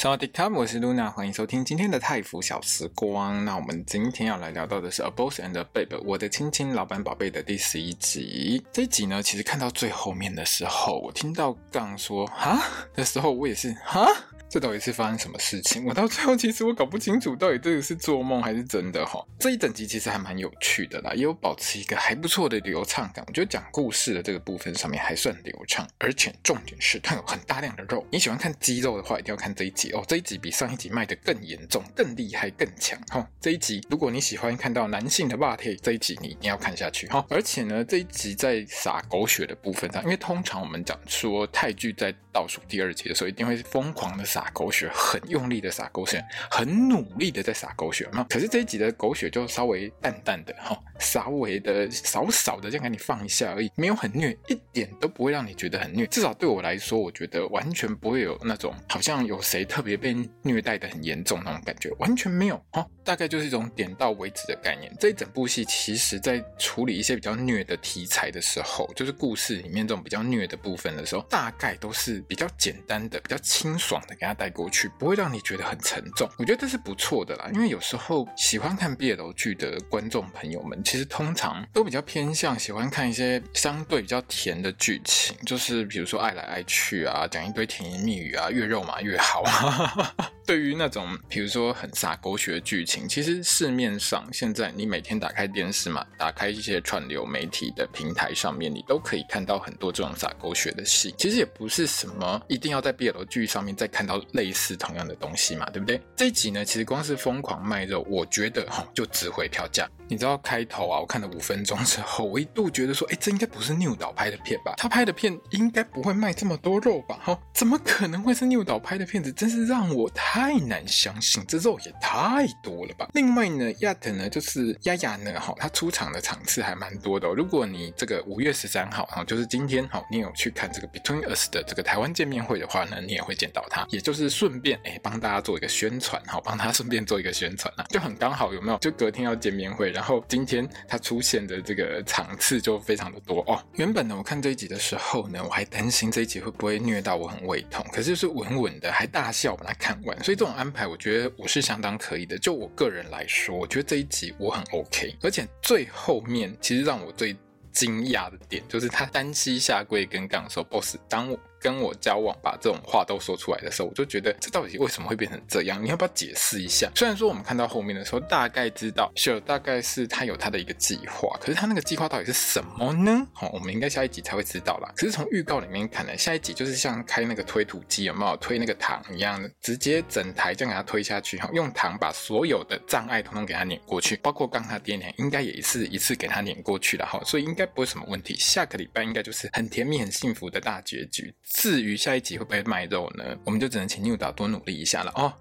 薩瓦迪卡，我是 Luna，歡迎收聽今天的泰腐小時光。那我們今天要來聊到的是《A Boss and a Babe》，我的親親老闆寶貝的第十一集。這一集呢，其實看到最後面的時候，我聽到剛剛說“蛤”的時候，我也是“蛤”。這到底是發生什麼事情？我到最後其實我搞不清楚，到底這個是做夢還是真的哈。這一整集其實還蠻有趣的啦，也有保持一個還不錯的流暢感。我覺得講故事的這個部分上面還算流暢，而且重點是它有很大量的肉。你喜歡看肌肉的話，一定要看這一集哦。這一集比上一集賣的更嚴重、更厲害、更強哈。這一集如果你喜歡看到男性的襪體，這一集你一定要看下去哈。而且呢，這一集在撒狗血的部分上，因為通常我們講說泰劇在倒數第二集的時候一定會瘋狂的撒。撒狗血，很用力的撒狗血，很努力的在撒狗血嘛。可是這一集的狗血就稍微淡淡的哈，哦，稍微的少少的，這樣給你放一下而已，沒有很虐，一點都不會讓你覺得很虐。至少對我來說，我覺得完全不會有那種好像有誰特別被虐待的很嚴重那種感覺，完全沒有哦，大概就是一種點到為止的概念。這一整部戲其實在處理一些比較虐的題材的時候，就是故事裡面這種比較虐的部分的時候，大概都是比較簡單的、比較清爽的感。帶過去不會讓你覺得很沉重，我覺得這是不錯的啦。因為有時候喜歡看 BL 劇的觀眾朋友們，其實通常都比較偏向喜歡看一些相對比較甜的劇情，就是比如說愛來愛去啊，講一堆甜言蜜語啊，越肉麻越好啊。 對於那種比如說很灑狗血的劇情，其實市面上現在你每天打開電視嘛，打開一些串流媒體的平台上面，你都可以看到很多這種灑狗血的戲。其實也不是什麼一定要在 BL 劇上面再看到類似同樣的東西嘛，對不對？這一集呢，其實光是瘋狂賣肉，我覺得哈就值回票價。你知道開頭啊，我看了五分鐘之後，我一度覺得說，哎，這應該不是 New 導拍的片吧？他拍的片應該不會賣這麼多肉吧？哈、哦，怎麼可能會是 New 導拍的片子？真是讓我太。太難相信，這肉也太多了吧？另外呢，亞特呢，就是亞亞呢，哈、哦，他出場的場次還蠻多的、哦。如果你這個五月十三號，然後、哦、就是今天，哈、哦，你有去看這個《Between Us》的這個台灣見面會的話呢，你也會見到他。也就是順便，哎，幫大家做一個宣傳，哈、哦，幫他順便做一個宣傳啊，就很剛好，有沒有？就隔天要見面會，然後今天他出現的這個場次就非常的多哦。原本呢，我看這一集的時候呢，我還擔心這一集會不會虐到我很胃痛，可是就是穩穩的，還大笑把它看完。所以這種安排，我覺得我是相當可以的。就我個人來說，我覺得這一集我很 OK，而且最後面其實讓我最驚訝的點，就是他單膝下跪，跟剛說 boss 當我，跟我交往，把這種話都說出來的時候，我就覺得這到底為什麼會變成這樣？你要不要解釋一下？雖然說我們看到後面的時候，大概知道 e、sure, 大概是他有他的一個計劃，可是他那個計劃到底是什麼呢？好、哦，我們應該下一集才會知道啦。可是從預告裡面看來，下一集就是像開那個推土機，有沒有推那個糖一樣的，直接整台這樣給他推下去，用糖把所有的障礙統統給他碾過去，包括剛他爹娘應該也是一次給他碾過去了哈，所以應該不會有什麼問題。下個禮拜應該就是很甜蜜、很幸福的大結局。至於下一集會不會賣肉呢？我們就只能請 New 導多努力一下了哦。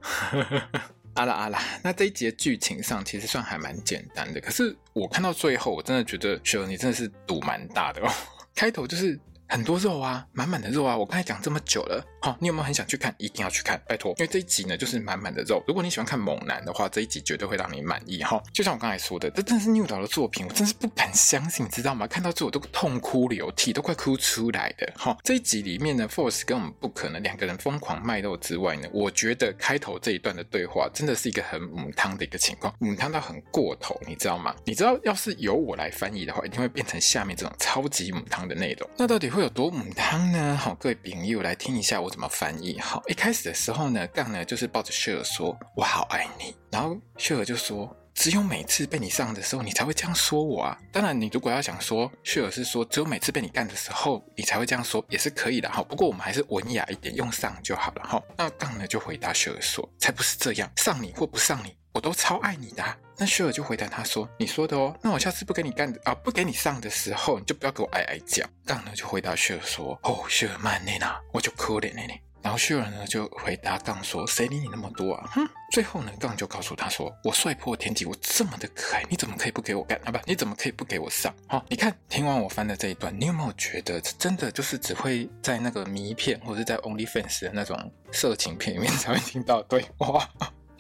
啊啦啊啦，那這一集的劇情上其實算還蠻簡單的，可是我看到最後，我真的覺得雪兒你真的是賭蠻大的哦，開頭就是。很多肉啊，滿滿的肉啊！我剛才講這麼久了，好，你有沒有很想去看？一定要去看，拜託！因為這一集呢，就是滿滿的肉。如果你喜歡看猛男的話，這一集絕對會讓你滿意哈。就像我剛才說的，這真的是 new 導的作品，我真是不敢相信，你知道嗎？看到這我都痛哭流涕，都快哭出來的哈！這一集裡面呢，Force 跟我們不可能兩個人瘋狂賣肉之外呢，我覺得開頭這一段的對話真的是一個很母湯的一個情況，母湯到很過頭，你知道嗎？你知道要是由我來翻譯的話，一定會變成下面這種超級母湯的內容。那到底會？有多母湯呢？好，各位朋友來聽一下我怎麼翻譯。好，一開始的時候呢，槓呢就是抱着雪兒說：“我好愛你。”然後雪兒就說：“只有每次被你上的時候，你才會這樣說我啊。”當然，你如果要想說雪兒是說，只有每次被你幹的時候，你才會這樣說，也是可以的。好，不過我們還是文雅一點，用上就好了。好，那槓呢就回答雪兒說：“才不是這樣，上你或不上你。”我都超愛你的、啊，那雪兒就回答他說：“你說的哦，那我下次不給你幹的啊，不給你上的時候，你就不要給我挨挨叫。”槓呢就回答雪兒說：“哦，雪兒慢點吶、啊，我就可憐你。”然後雪兒呢就回答槓說：“誰理你那麼多啊？哼、嗯！”最後呢，槓就告訴他說：“我帥破天際，我這麼的可愛，你怎麼可以不給我幹啊？不，你怎麼可以不給我上？好、哦，你看，聽完我翻的這一段，你有沒有覺得這真的就是只會在那個謎片或者在 OnlyFans 的那種色情片裡面才會聽到？對，哇。”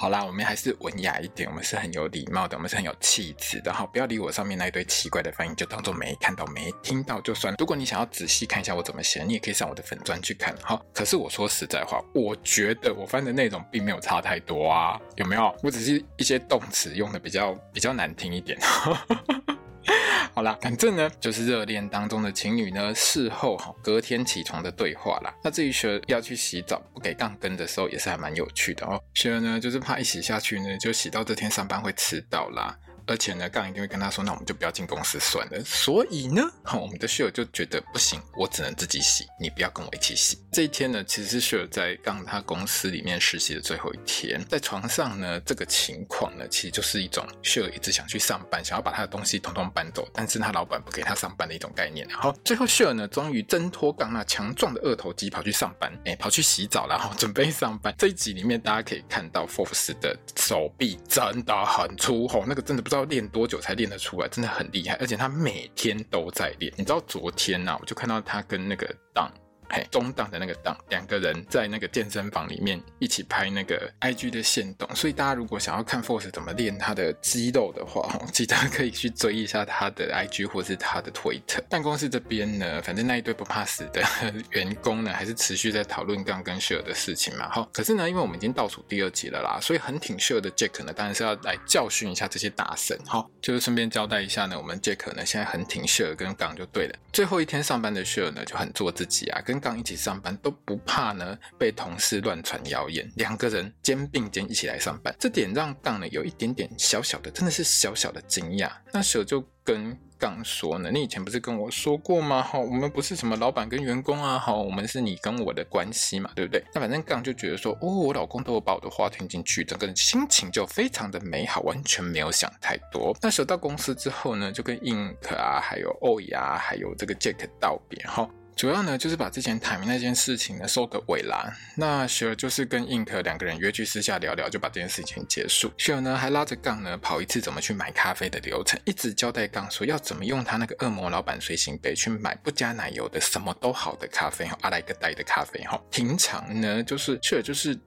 好啦，我們還是文雅一點，我們是很有禮貌的，我們是很有氣質的。哈，不要理我上面那一堆奇怪的翻譯，就當做沒看到，沒聽到就算。如果你想要仔細看一下我怎麼寫，你也可以上我的粉專去看哈。可是我說實在話，我覺得我翻的內容並沒有差太多啊，有沒有？我只是一些動詞用的比較比較難聽一點。呵呵呵 好啦，反正呢，就是熱戀當中的情侶呢，事後隔天起床的對話啦。那至於雪兒要去洗澡不給槓根的時候，也是還蠻有趣的哦、喔。雪兒呢，就是怕一洗下去呢，就洗到這天上班會遲到啦。而且呢，槓一定會跟他說，那我們就不要進公司算了。所以呢，哈、哦，我們的秀爾就覺得不行，我只能自己洗，你不要跟我一起洗。這一天呢，其實是秀爾在槓他公司裡面實習的最後一天。在床上呢，這個情況呢，其實就是一種秀爾一直想去上班，想要把他的東西統統搬走，但是他老闆不給他上班的一種概念。然後最後，秀爾呢，終於掙脫槓那強壯的二頭肌，跑去上班，哎、欸，跑去洗澡，然後準備上班。這一集裡面，大家可以看到，Force 的手臂真的很粗，吼、哦，那個真的不知道，要練多久才練得出來？真的很厲害，而且他每天都在練。你知道昨天吶、啊，我就看到他跟那個檔。嘿，中檔的那個檔，兩個人在那個健身房裡面一起拍那個 I G 的限動，所以大家如果想要看 Force 怎麼練他的肌肉的話，記得可以去追一下他的 I G 或是他的 Twitter。辦公室這邊呢，反正那一堆不怕死的員工呢，還是持續在討論槓跟 Cher 的事情嘛。好、哦，可是呢，因為我們已經倒數第二集了啦，所以很挺 Cher 的 Jack 呢，當然是要來教訓一下這些大神。好、哦，就是順便交代一下呢，我們 Jack 呢現在很挺 Cher 跟槓就對了。最後一天上班的 Cher 呢就很做自己啊，跟。剛一起上班都不怕呢，被同事亂傳謠言。兩個人肩並肩一起來上班，這點讓剛呢有一點點小小的，真的是小小的驚訝。那舍就跟剛說呢：“你以前不是跟我說過嗎？哈，我們不是什麼老闆跟員工啊，哈，我們是你跟我的關係嘛，對不對？”那反正剛就覺得說：“哦，我老公都有把我的話聽進去，整個人心情就非常的美好，完全沒有想太多。”那舍到公司之後呢，就跟 Ink 啊，還有 Oil 啊，還有這個 Jack 道別哈。吼主要呢，就是把之前坦明那件事情呢收個尾啦。那雪兒就是跟印克兩個人約去私下聊聊，就把這件事情結束。雪兒呢還拉着槓呢跑一次怎麼去買咖啡的流程，一直交代槓說要怎麼用他那個惡魔老板隨行杯去買不加奶油的什麼都好的咖啡哈，阿萊格代的咖啡哈、哦。平常呢就是雪兒就是。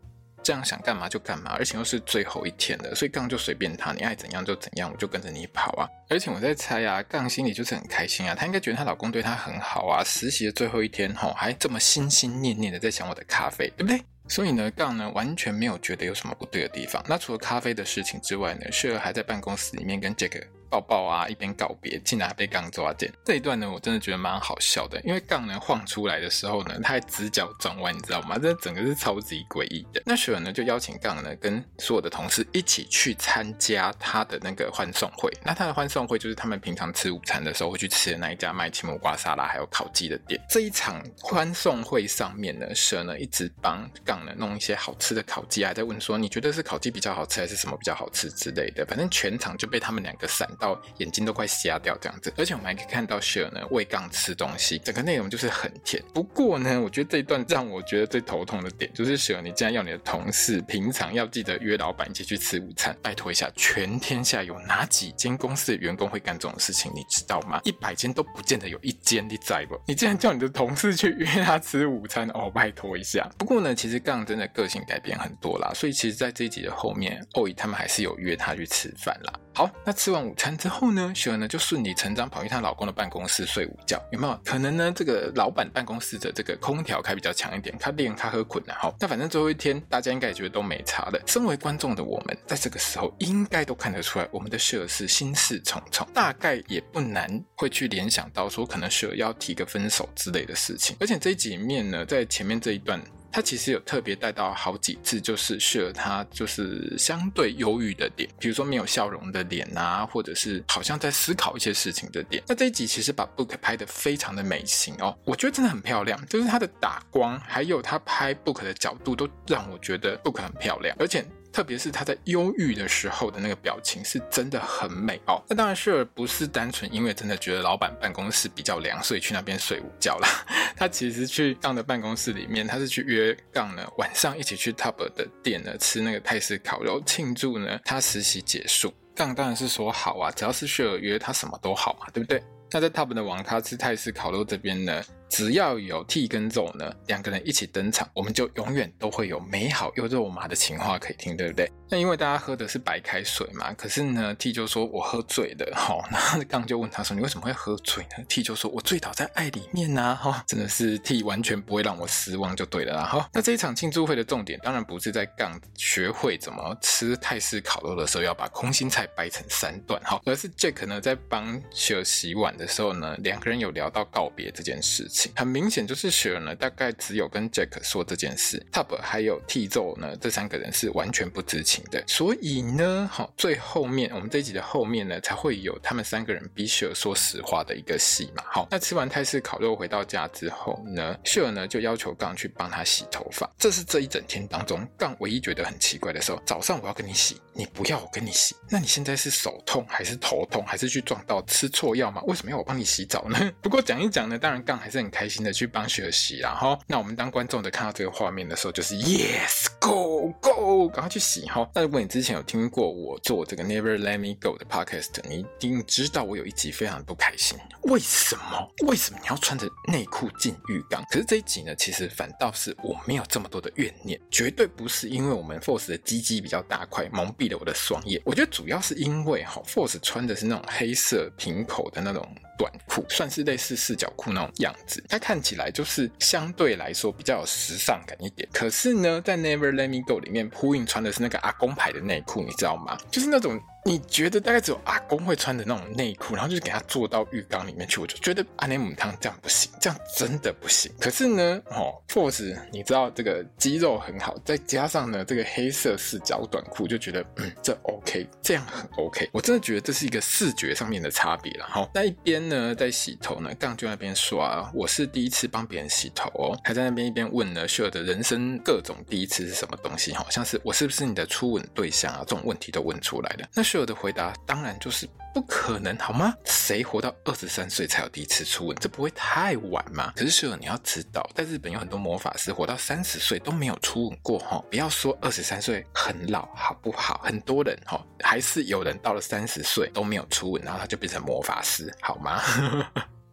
這樣想幹嘛就幹嘛，而且又是最後一天了，所以剛就隨便他，你愛怎樣就怎樣，我就跟着你跑啊！而且我在猜啊，剛心裡就是很開心啊，她應該覺得她老公對她很好啊。實習的最後一天吼，還這麼心心念念的在想我的咖啡，對不對？所以呢，剛呢完全沒有覺得有什麼不對的地方。那除了咖啡的事情之外呢，雪兒還在辦公室裡面跟 Jack。抱抱啊！一邊告別，竟然還被槓抓到。這一段呢，我真的覺得蠻好笑的，因為槓呢晃出來的時候呢，他還直角轉彎，你知道嗎？這整個是超級詭異的。那雪兒呢就邀請槓呢跟所有的同事一起去參加他的那個歡送會。那他的歡送會就是他們平常吃午餐的時候會去吃的那一家賣青木瓜沙拉還有烤雞的店。這一場歡送會上面呢，雪兒呢一直幫槓呢弄一些好吃的烤雞、啊，還在問說你覺得是烤雞比較好吃還是什麼比較好吃之類的。反正全場就被他們兩個閃。到眼睛都快瞎掉這樣子，而且我們還可以看到雪兒呢，餵剛吃東西，整個內容就是很甜。不過呢，我覺得這一段讓我覺得最頭痛的點，就是雪兒你竟然要你的同事平常要記得約老板一起去吃午餐，拜托一下！全天下有哪幾間公司的員工會幹這種事情，你知道嗎？一百間都不見得有一間你在不？你竟然叫你的同事去約他吃午餐哦，拜托一下！不過呢，其實剛真的個性改變很多啦，所以其實在這一集的後面，後羿他們還是有約他去吃飯啦。好，那吃完午餐。之後呢，雪兒呢就順理成章跑去她老公的辦公室睡午覺，有沒有可能呢？這個老闆辦公室的這個空調開比較強一點，他練他喝困難。好，那反正最後一天，大家應該也覺得都沒差了。身為觀眾的我們，在這個時候應該都看得出來，我們的雪兒是心事重重，大概也不難會去聯想到說，可能雪兒要提個分手之類的事情。而且這一集裡面呢，在前面這一段。他其實有特別帶到好幾次，就是適了他就是相對憂鬱的點，比如說沒有笑容的點啊，或者是好像在思考一些事情的點。那這一集其實把 Book 拍得非常的美型哦，我覺得真的很漂亮，就是他的打光還有他拍 Book 的角度都讓我覺得 Book 很漂亮，而且。特別是他在憂鬱的時候的那個表情是真的很美哦。那當然，雪兒不是單純因為真的覺得老闆辦公室比較涼，所以去那邊睡午覺啦。他其實去槓的辦公室裡面，他是去約槓呢，晚上一起去 Top 的店呢吃那個泰式烤肉，慶祝呢他實習結束。槓當然是說好啊，只要是雪兒約他，什麼都好嘛，對不對？那在 Top 的網咖吃泰式烤肉這邊呢？只要有 T 跟 Zo 呢，兩個人一起登場，我們就永遠都會有美好又肉麻的情話可以聽，對不對？那因為大家喝的是白開水嘛，可是呢，T 就說我喝醉了，好、哦，那槓就問他說，你為什麼會喝醉呢？T 就說我醉倒在愛裡面吶、啊，哈、哦，真的是 T 完全不會讓我失望就對了啦，哈、哦。那這一場慶祝會的重點當然不是在槓學會怎麼吃泰式烤肉的時候要把空心菜掰成三段，哈、哦，而是 Jack 呢在幫 Cher 洗碗的時候呢，兩個人有聊到告別這件事情。很明顯就是雪兒呢，大概只有跟 Jack 說這件事，Tub 還有 T 咒呢，這三個人是完全不知情的。所以呢，好，最後面我們這一集的後面呢，才會有他們三個人逼雪兒說實話的一個戲嘛。好，那吃完泰式烤肉回到家之後呢，雪兒呢就要求槓去幫他洗頭髮。這是這一整天當中槓唯一覺得很奇怪的時候。早上我要跟你洗，你不要我跟你洗，那你現在是手痛還是頭痛，還是去撞到吃錯藥嗎？為什麼要我幫你洗澡呢？不過講一講呢，當然槓還是。很開心的去幫雪兒洗，然後，那我們當觀眾的看到這個畫面的時候，就是 Yes，Go Go，趕快去洗哈。那如果你之前有聽過我做這個 Never Let Me Go 的 Podcast，你一定知道我有一集非常不開心。為什麼？為什麼你要穿着內褲進浴缸？可是這一集呢，其實反倒是我沒有這麼多的怨念，絕對不是因為我們 Force 的雞雞比較大塊，蒙蔽了我的雙眼。我覺得主要是因為哈，Force 穿的是那種黑色平口的那種。短褲，算是類似四角褲那種樣子，它看起來就是相對來說比較有時尚感一點。可是呢，在《Never Let Me Go》裡面，布音穿的是那個阿公牌的內褲，你知道嗎？就是那種。你覺得大概只有阿公會穿的那種內褲，然後就是給他坐到浴缸裡面去，我就覺得啊，母湯這樣不行，這樣真的不行。可是呢，哦，Force，你知道這個肌肉很好，再加上呢這個黑色四角短褲，就覺得嗯這 OK，這樣很 OK。我真的覺得這是一個視覺上面的差別，然後那一邊呢在洗頭呢，槓就那邊刷。我是第一次幫別人洗頭哦，還在那邊一邊問呢，秀的人生各種第一次是什麼東西，好、哦、像是我是不是你的初吻對象啊，這種問題都問出來的。那。秀的回答當然就是不可能，好嗎？誰活到二十三歲才有第一次初吻？這不會太晚嗎？可是秀，你要知道，在日本有很多魔法師活到三十歲都沒有初吻過哈。不要說二十三歲很老，好不好？很多人哈，還是有人到了三十歲都沒有初吻，然後他就變成魔法師，好嗎？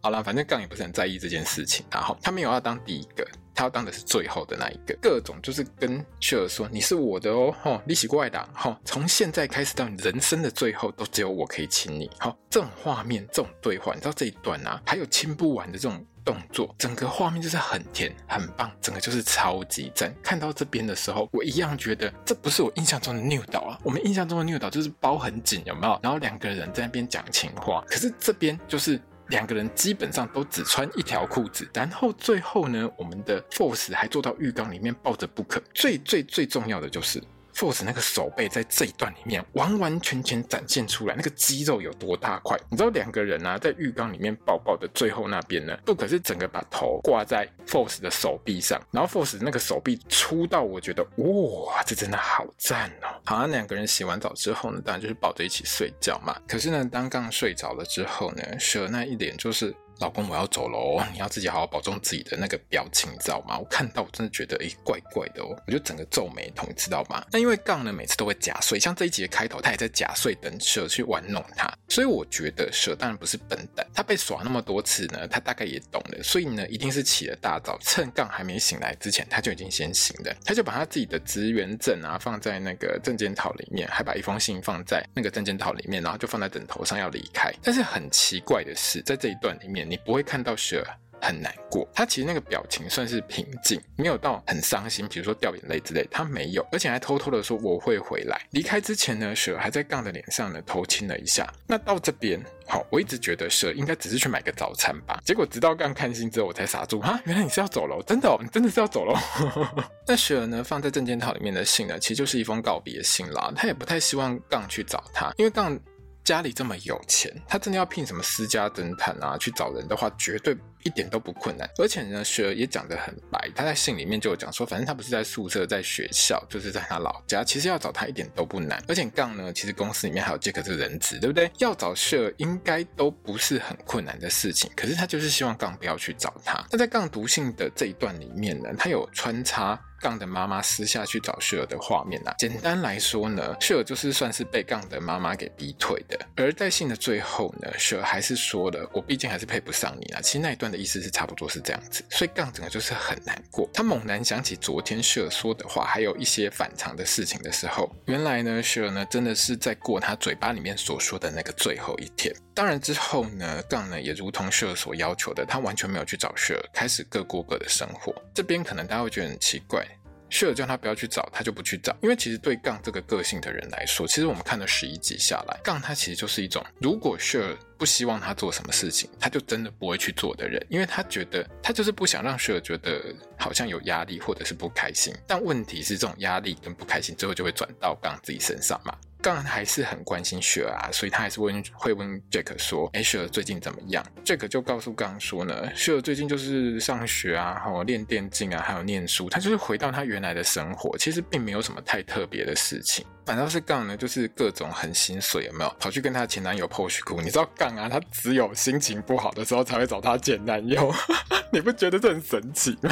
好了，反正剛也不是很在意這件事情，然後他沒有要當第一個。他要當的是最後的那一個，各種就是跟 Cher 說：“你是我的哦，吼、哦，你是我的，吼、哦，從現在開始到你人生的最後，都只有我可以親你。哦”好，這種畫面，這種對話，你知道這一段啊，還有親不完的這種動作，整個畫面就是很甜，很棒，整個就是超級讚。看到這邊的時候，我一樣覺得這不是我印象中的 New 導啊，我們印象中的 New 導就是包很緊，有沒有？然後兩個人在那邊講情話，可是這邊就是。兩個人基本上都只穿一條褲子，然後最後呢，我們的 Force 還坐到浴缸裡面抱着 Book。最最最重要的就是。Force 那個手背，在這一段裡面完完全全展現出來，那個肌肉有多大塊？你知道兩個人啊在浴缸裡面抱抱的最後那邊呢，不可是整個把頭掛在 Force 的手臂上，然後 Force 那個手臂粗到我覺得，哇，這真的好讚哦好啊！好，那兩個人洗完澡之後呢，當然就是抱着一起睡覺嘛。可是呢，當剛睡着了之後呢，蛇那一點就是。老公，我要走了哦、啊，你要自己好好保重自己的那個表情，你知道嗎？我看到我真的覺得，哎，怪怪的哦，我就整個皺眉頭，知道嗎？那因為槓呢，每次都會假睡，像這一集的開頭，他也在假睡，等蛇去玩弄他，所以我覺得蛇當然不是笨蛋，他被耍那麼多次呢，他大概也懂了，所以呢，一定是起了大早，趁槓還沒醒來之前，他就已經先醒了，他就把他自己的職員證啊放在那個證件套裡面，還把一封信放在那個證件套裡面，然後就放在枕頭上要離開。但是很奇怪的是，在這一段裡面。你不會看到雪兒很難過，他其實那個表情算是平靜，沒有到很傷心，比如說掉眼淚之類，他沒有，而且還偷偷的說我會回來。離開之前呢，雪兒還在槓的臉上呢，偷親了一下。那到這邊，好、哦，我一直覺得雪兒應該只是去買個早餐吧，結果直到槓看信之後，我才傻住，哈，原來你是要走了？真的、哦，你真的是要走嘍。 那雪兒呢，放在證件套裡面的信呢，其實就是一封告別信啦，他也不太希望槓去找他，因為槓。家裡這麼有錢，他真的要聘什麼私家偵探啊？去找人的話，絕對，一點都不困難，而且呢，雪兒也講得很白。他在信裡面就有講說，反正他不是在宿舍、在學校，就是在他老家。其實要找他一點都不難，而且槓呢，其實公司裡面還有傑克這個人質，對不對？要找雪兒應該都不是很困難的事情。可是他就是希望槓不要去找他。那在槓讀信的這一段裡面呢，他有穿插槓的媽媽私下去找雪兒的畫面啊。簡單來說呢，雪兒就是算是被槓的媽媽給逼退的。而在信的最後呢，雪兒還是說了：“我畢竟還是配不上你啊。”其實那一段。的意思是差不多是這樣子，所以 Gun 整個就是很難過。他猛然想起昨天 Cher 說的話，還有一些反常的事情的時候，原來呢，Cher 呢真的是在過他嘴巴裡面所說的那個最後一天。當然之後呢，Gun 呢也如同 Cher 所要求的，他完全沒有去找 Cher，開始各過各的生活。這邊可能大家會覺得很奇怪。雪兒叫他不要去找，他就不去找。因為其實對槓這個個性的人來說，其實我們看了十一集下來，槓他其實就是一種，如果雪兒不希望他做什麼事情，他就真的不會去做的人，因為他覺得他就是不想讓雪兒覺得好像有壓力或者是不開心。但問題是，這種壓力跟不開心最後就會轉到槓自己身上嘛。剛還是很關心雪兒、啊，所以他還是問會問 Jack 說：“哎、欸，雪兒最近怎麼樣？”Jack 就告訴剛說呢：“雪兒最近就是上學啊，然後練電競啊，還有念書，她就是回到她原來的生活，其實並沒有什麼太特別的事情。”反倒是剛呢，就是各種很心碎，有沒有跑去跟他前男友 POUCH 哭？你知道剛啊，他只有心情不好的時候才會找他前男友， 你不覺得這很神奇嗎？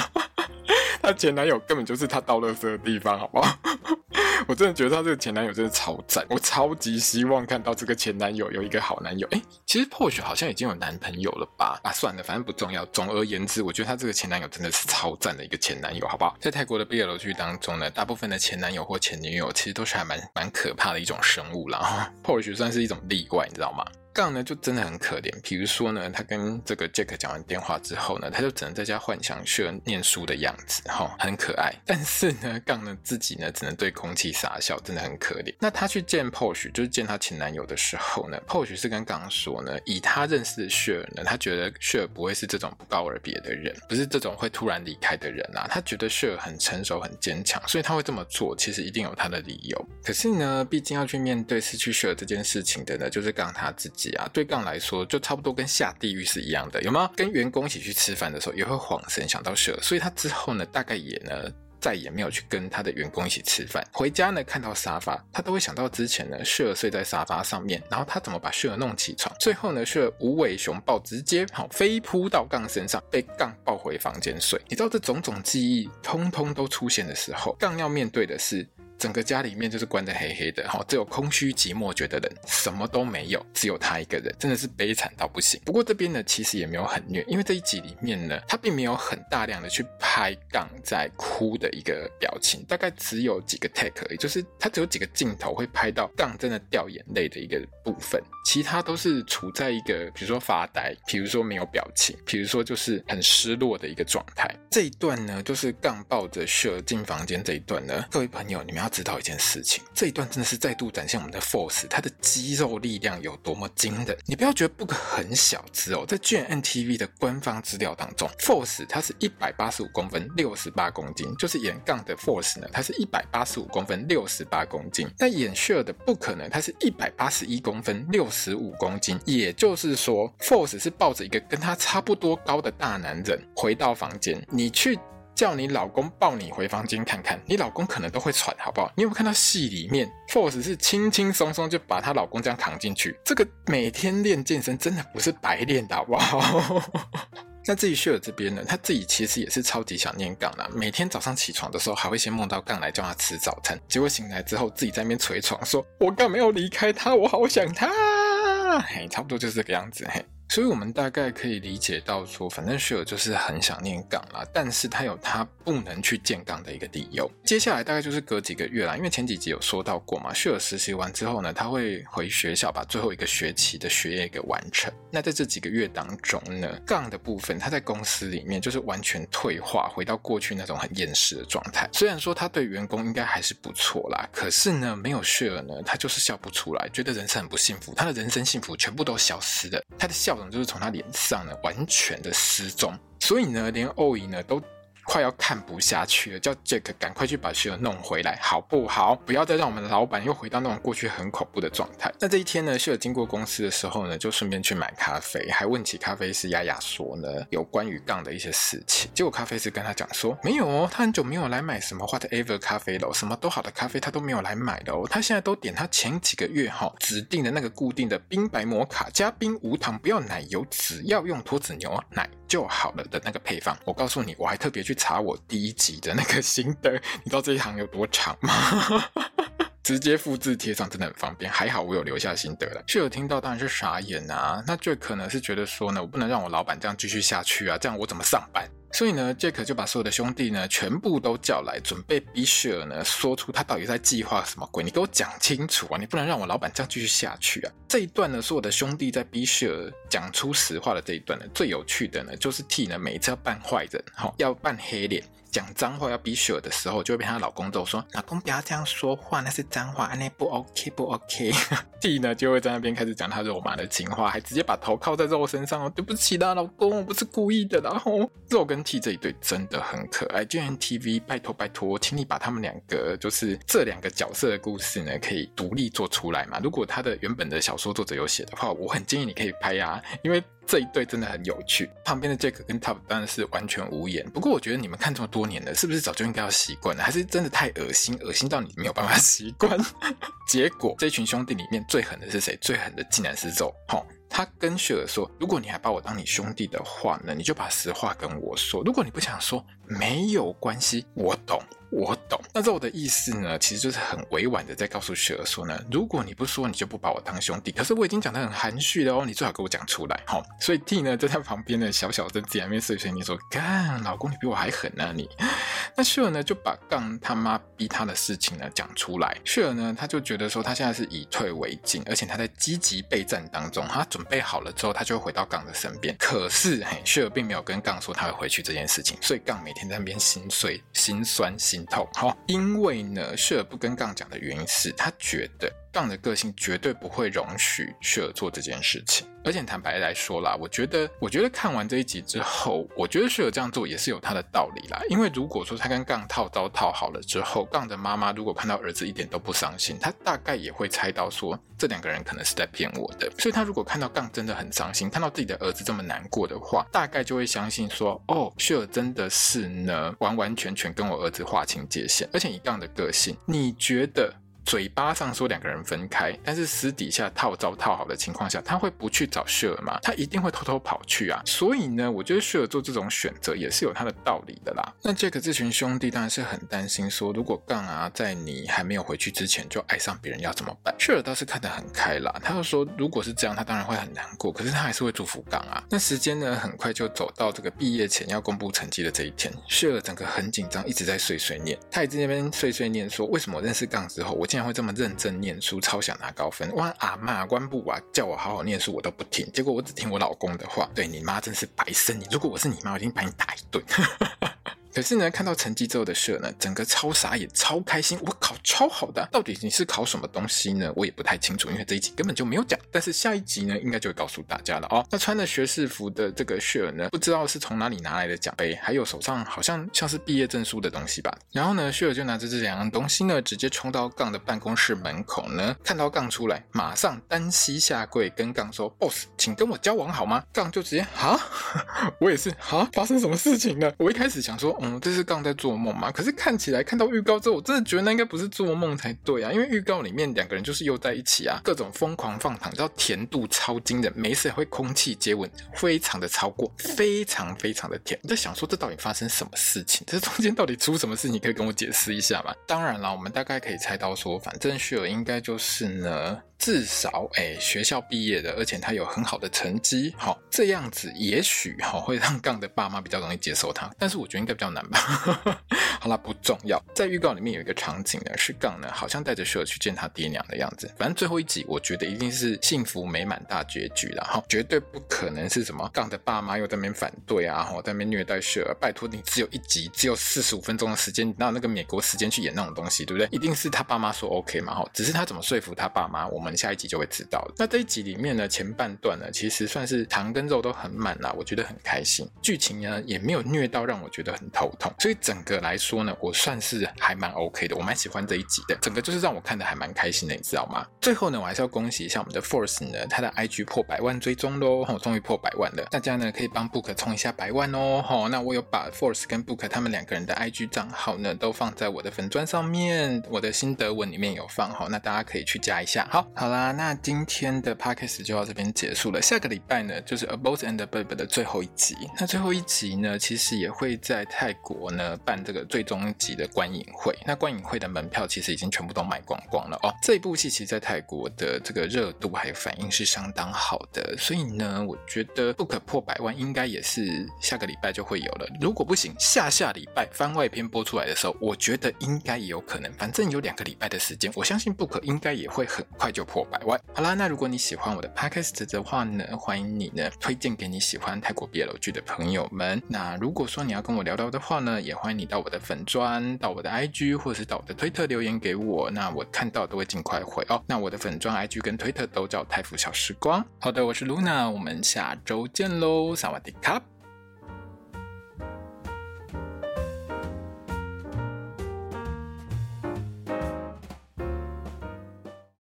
他前男友根本就是他倒垃圾的地方，好不好？我真的覺得他這個前男友真的超讚，我超級希望看到這個前男友有一個好男友。哎、欸，其實 Porsche 好像已經有男朋友了吧？啊，算了，反正不重要。總而言之，我覺得他這個前男友真的是超讚的一個前男友，好不好？在泰國的 BL 劇當中呢，大部分的前男友或前女友其實都是還蠻蠻可怕的一種生物啦。 Porsche 算是一種例外，你知道嗎？槓呢就真的很可憐，比如說呢，他跟這個 Jack 講完電話之後呢，他就只能在家幻想雪兒念書的樣子，哈，很可愛。但是呢，槓呢自己呢只能對空氣傻笑，真的很可憐。那他去見 Porsche，就是見他前男友的時候呢，Porsche 是跟槓說呢，以他認識的雪兒呢，他覺得雪兒不會是這種不告而別的人，不是這種會突然離開的人啊。他覺得雪兒很成熟、很堅強，所以他會這麼做，其實一定有他的理由。可是呢，畢竟要去面對失去雪兒這件事情的呢，就是槓他自己。啊，對槓來說，就差不多跟下地獄是一樣的，有嗎？跟員工一起去吃飯的時候，也會恍神想到雪兒，所以他之後呢，大概也呢，再也沒有去跟他的員工一起吃飯。回家呢，看到沙發，他都會想到之前呢，雪兒睡在沙發上面，然後他怎麼把雪兒弄起床，最後呢，雪兒無尾熊抱，直接好飛撲到槓身上，被槓抱回房間睡。你知道這種種記憶通通都出現的時候，槓要面對的是。整個家裡面就是關的黑黑的，然後只有空虛寂寞的人，覺得冷什麼都沒有，只有他一個人，真的是悲慘到不行。不過這邊呢，其實也沒有很虐，因為這一集裡面呢，他並沒有很大量的去拍槓在哭的一個表情，大概只有幾個 take，也就是他只有幾個鏡頭會拍到槓真的掉眼淚的一個部分，其他都是處在一個比如說發呆，比如說沒有表情，比如說就是很失落的一個狀態。這一段呢，就是槓抱着雪兒進房間這一段呢，各位朋友，你們要知道一件事情，這一段真的是再度展現我們的 Force 他的肌肉力量有多麼驚人。你不要覺得 Book 很小隻哦，在《GMMTV》的官方資料當中，Force 他是一百八十五公分，六十八公斤，就是演 Gun 的 Force 呢，他是一百八十五公分，六十八公斤。但演 Cher 的 Book 呢，他是一百八十一公分，六十五公斤。也就是說，Force 是抱着一個跟他差不多高的大男人回到房間，你去。叫你老公抱你回房間看看，你老公可能都會喘，好不好？你有沒有看到戲裡面，Force 是輕輕鬆鬆就把她老公這樣扛進去？這個每天練健身真的不是白練的哇！ 那自己 Cher 這邊呢，他自己其實也是超級想念 Gun 的，每天早上起床的時候還會先夢到 Gun 來叫他吃早餐，結果醒來之後自己在那邊捶床說，說我 Gun 沒有離開他，我好想他嘿，差不多就是這個樣子，欸，嘿。所以我們大概可以理解到說，說反正雪兒就是很想念崗啦，但是他有他不能去見崗的一個理由。接下來大概就是隔幾個月啦，因為前幾集有說到過嘛，雪兒實習完之後呢，他會回學校把最後一個學期的學業給完成。那在這幾個月當中呢，崗的部分他在公司裡面就是完全退化，回到過去那種很厭世的狀態。雖然說他對員工應該還是不錯啦，可是呢，沒有雪兒呢，他就是笑不出來，覺得人生很不幸福，他的人生幸福全部都消失了，他的笑。就是從他臉上呢，完全的失蹤，所以呢，連歐伊呢都。快要看不下去了，叫 Jack 趕快去把希爾弄回來，好不好？不要再讓我們老板又回到那種過去很恐怖的狀態。那這一天呢，希爾經過公司的時候呢，就順便去買咖啡，還問起咖啡師雅雅說呢，有關於槓的一些事情。結果咖啡師跟他講說，沒有哦，他很久沒有來買什麼 whatever 咖啡咯，什麼都好的咖啡他都沒有來買的哦，他現在都點他前幾個月哈、哦、指定的那個固定的冰白摩卡加冰無糖不要奶油，只要用脫脂牛奶。就好了的那個配方，我告訴你，我還特別去查我第一集的那個心得，你知道這一行有多長嗎？ 直接複製貼上真的很方便，還好我有留下心得了。室友聽到當然是傻眼啊，那就可能是覺得說呢，我不能讓我老闆這樣繼續下去啊，這樣我怎麼上班？所以呢，傑克就把所有的兄弟呢全部都叫來，準備逼雪兒呢說出他到底在計劃什麼鬼。你給我講清楚啊！你不能讓我老板這樣繼續下去啊！這一段呢是我的兄弟在逼雪兒講出實話的這一段呢，最有趣的呢就是替呢每一次要扮壞人，哈、哦，要扮黑臉。講髒話要鼻血的時候，就會被她老公咒說：“老公不要這樣說話，那是髒話，那不 OK 不 OK。 ”T 呢就會在那邊開始講她肉麻的情話，還直接把頭靠在肉身上哦。對不起啦，老公，我不是故意的。然後肉跟 T 這一對真的很可愛，GMMTV 拜託拜託，請你把他們兩個就是這兩個角色的故事呢，可以獨立做出來嘛？如果他的原本的小說作者有寫的話，我很建議你可以拍啊，因為。這一對真的很有趣，旁邊的傑克跟 TOP 當然是完全無言。不過我覺得你們看這麼多年了，是不是早就應該要習慣了？還是真的太惡心，惡心到你沒有辦法習慣？ 結果這群兄弟裡面最狠的是誰？最狠的竟然是肉。吼！他跟雪爾說：“如果你還把我當你兄弟的話呢，你就把實話跟我說。如果你不想說，沒有關係，我懂。”我懂，那這我的意思呢，其實就是很委婉的在告訴雪兒說呢，如果你不說，你就不把我當兄弟。可是我已經講得很含蓄了哦、喔，你最好給我講出來，好。所以 T 呢就在他旁邊的小小的嘴裡面碎碎念說：“幹，老公，你比我還狠呢、啊，你。”那雪兒呢就把槓他媽逼他的事情呢講出來。雪兒呢，他就覺得說他現在是以退為進，而且他在積極備戰當中，他準備好了之後，他就會回到槓的身邊。可是嘿、欸，雪兒並沒有跟槓說他會回去這件事情，所以槓每天在那邊心碎、心酸、心。好，因為呢，舍不跟剛講的原因是他覺得。槓的個性絕對不會容許雪兒做這件事情，而且坦白來說啦，我覺得，我覺得看完這一集之後，我覺得雪兒這樣做也是有她的道理啦。因為如果說他跟槓套招套，套，套好了之後，槓的媽媽如果看到兒子一點都不傷心，他大概也會猜到說，這兩個人可能是在騙我的。所以，他如果看到槓真的很傷心，看到自己的兒子這麼難過的話，大概就會相信說，哦，雪兒真的是呢，完完全全跟我兒子劃清界限。而且，以槓的個性，你覺得？嘴巴上說兩個人分開，但是私底下套招套好的情況下，他會不去找雪兒嗎？他一定會偷偷跑去啊！所以呢，我覺得雪兒做這種選擇也是有他的道理的啦。那杰克這群兄弟當然是很擔心說，說如果槓啊，在你還沒有回去之前就愛上別人要怎麼辦？雪兒倒是看得很開啦，他就說如果是這樣，他當然會很難過，可是他還是會祝福槓啊。那時間呢，很快就走到這個畢業前要公布成績的這一天，雪兒整個很緊張，一直在碎碎念，他也在那邊碎碎念說，為什麼我認識槓之後，我今這樣會這麼認真念書，超想拿高分。我阿媽關不啊？叫我好好念書，我都不聽。結果我只聽我老公的話。對，你媽真是白生！你如果我是你媽，我一定把你打一頓。 可是呢，看到成績之後的雪兒呢，整個超傻也超開心，我考超好的啊，到底你是考什麼東西呢？我也不太清楚，因為這一集根本就沒有講。但是下一集呢，應該就會告訴大家了哦。那穿着學士服的這個雪兒呢，不知道是從哪裡拿來的獎杯，還有手上好像像是畢業證書的東西吧。然後呢，雪兒就拿着這兩樣東西呢，直接衝到槓的辦公室門口呢，看到槓出來，馬上單膝下跪，跟槓說：“boss，請跟我交往好嗎？”槓就直接啊，哈 我也是啊，發生什麼事情了？我一開始想說。嗯，這是剛，剛在做夢嗎？可是看起來看到預告之後，我真的覺得那應該不是做夢才對啊！因為預告裡面兩個人就是又在一起啊，各種瘋狂放糖，叫甜度超驚人，沒事會空氣接吻，非常的超過，非常非常的甜。我在想說，這到底發生什麼事情？這中間到底出什麼事情？你可以跟我解釋一下嗎？當然啦，我們大概可以猜到說，反正雪兒應該就是呢。至少，哎、欸，學校畢業的，而且他有很好的成績，好、哦，這樣子也許哈、哦、會讓槓的爸媽比較容易接受他。但是我覺得應該比較難吧。 好了，不重要。在預告裡面有一個場景呢，是槓呢好像帶着雪兒去見他爹娘的樣子。反正最後一集我覺得一定是幸福美滿大結局了哈、哦，絕對不可能是什麼槓的爸媽又在那邊反對啊，或、哦、在那邊虐待雪兒。拜託你只有一集，只有四十五分鐘的時間，哪有那個美國時間去演那種東西，對不對？一定是他爸媽說 OK 嘛，哈、哦，只是他怎麼說服他爸媽，我們。下一集就會知道了。那這一集裡面呢，前半段呢，其實算是糖跟肉都很滿啦、啊，我覺得很開心。劇情呢，也沒有虐到讓我覺得很頭痛，所以整個來說呢，我算是還蠻 OK 的，我蠻喜歡這一集的。整個就是讓我看得還蠻開心的，你知道嗎？最後呢，我還是要恭喜一下我們的 Force 呢，他的 IG 破百萬追蹤嘍，我、哦、終於破百萬了。大家呢，可以幫 Book 衝一下百萬哦。哦，那我有把 Force 跟 Book 他們兩個人的 IG 賬號呢，都放在我的粉專上面，我的心得文裡面有放。好、哦，那大家可以去加一下。好。好啦，那今天的 Podcast 就到這邊結束了。下個禮拜呢，就是《A Boss & a Babe》的最後一集。那最後一集呢，其實也會在泰國呢辦這個最終集的觀影會。那觀影會的門票其實已經全部都賣光光了哦。這一部戲其實在泰國的這個熱度還有反應是相當好的，所以呢，我覺得不可破百萬應該也是下個禮拜就會有了。如果不行，下下禮拜番外篇播出來的時候，我覺得應該也有可能。反正有兩個禮拜的時間，我相信不可應該也會很快就。破百萬。好啦，那如果你喜歡我的 podcast 的話呢，歡迎你呢推薦給你喜歡泰國 BL 劇的朋友們。那如果說你要跟我聊聊的話呢，也歡迎你到我的粉專、到我的 IG 或是到我的推特留言給我。那我看到都會儘快回哦。那我的粉專、IG 跟推特都叫泰腐小時光。好的，我是 Luna，我們下周見嘍，薩瓦迪卡。